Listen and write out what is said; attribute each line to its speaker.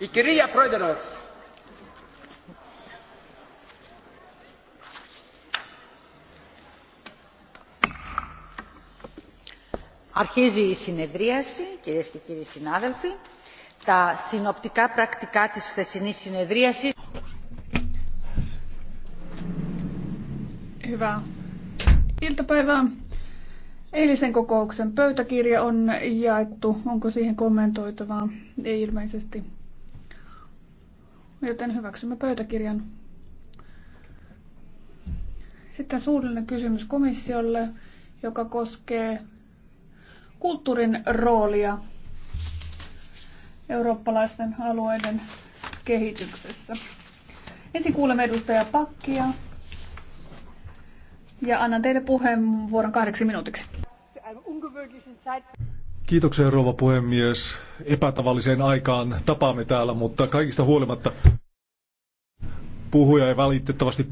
Speaker 1: E queria aprender nós.
Speaker 2: Αρχίζει η συνεδρίαση, κυρίες και κύριοι συνάδελφοι. Τα συνοπτικά πρακτικά της χθεσινής συνεδρίασης...
Speaker 3: Hyvää iltapäivää. Eilisen kokouksen pöytäkirja on jaettu. Onko siihen kommentoitavaa? Ei ilmeisesti joten hyväksymme pöytäkirjan. Sitten suullinen kysymys komissiolle, joka koskee kulttuurin roolia eurooppalaisten alueiden kehityksessä. Ensin kuulemme edustaja Pakkia ja annan teille puheenvuoron kahdeksi minuutiksi.
Speaker 2: Kiitoksia rouva puhemies. Epätavalliseen aikaan tapaamme täällä, mutta kaikista huolimatta puhuja ei valitettavasti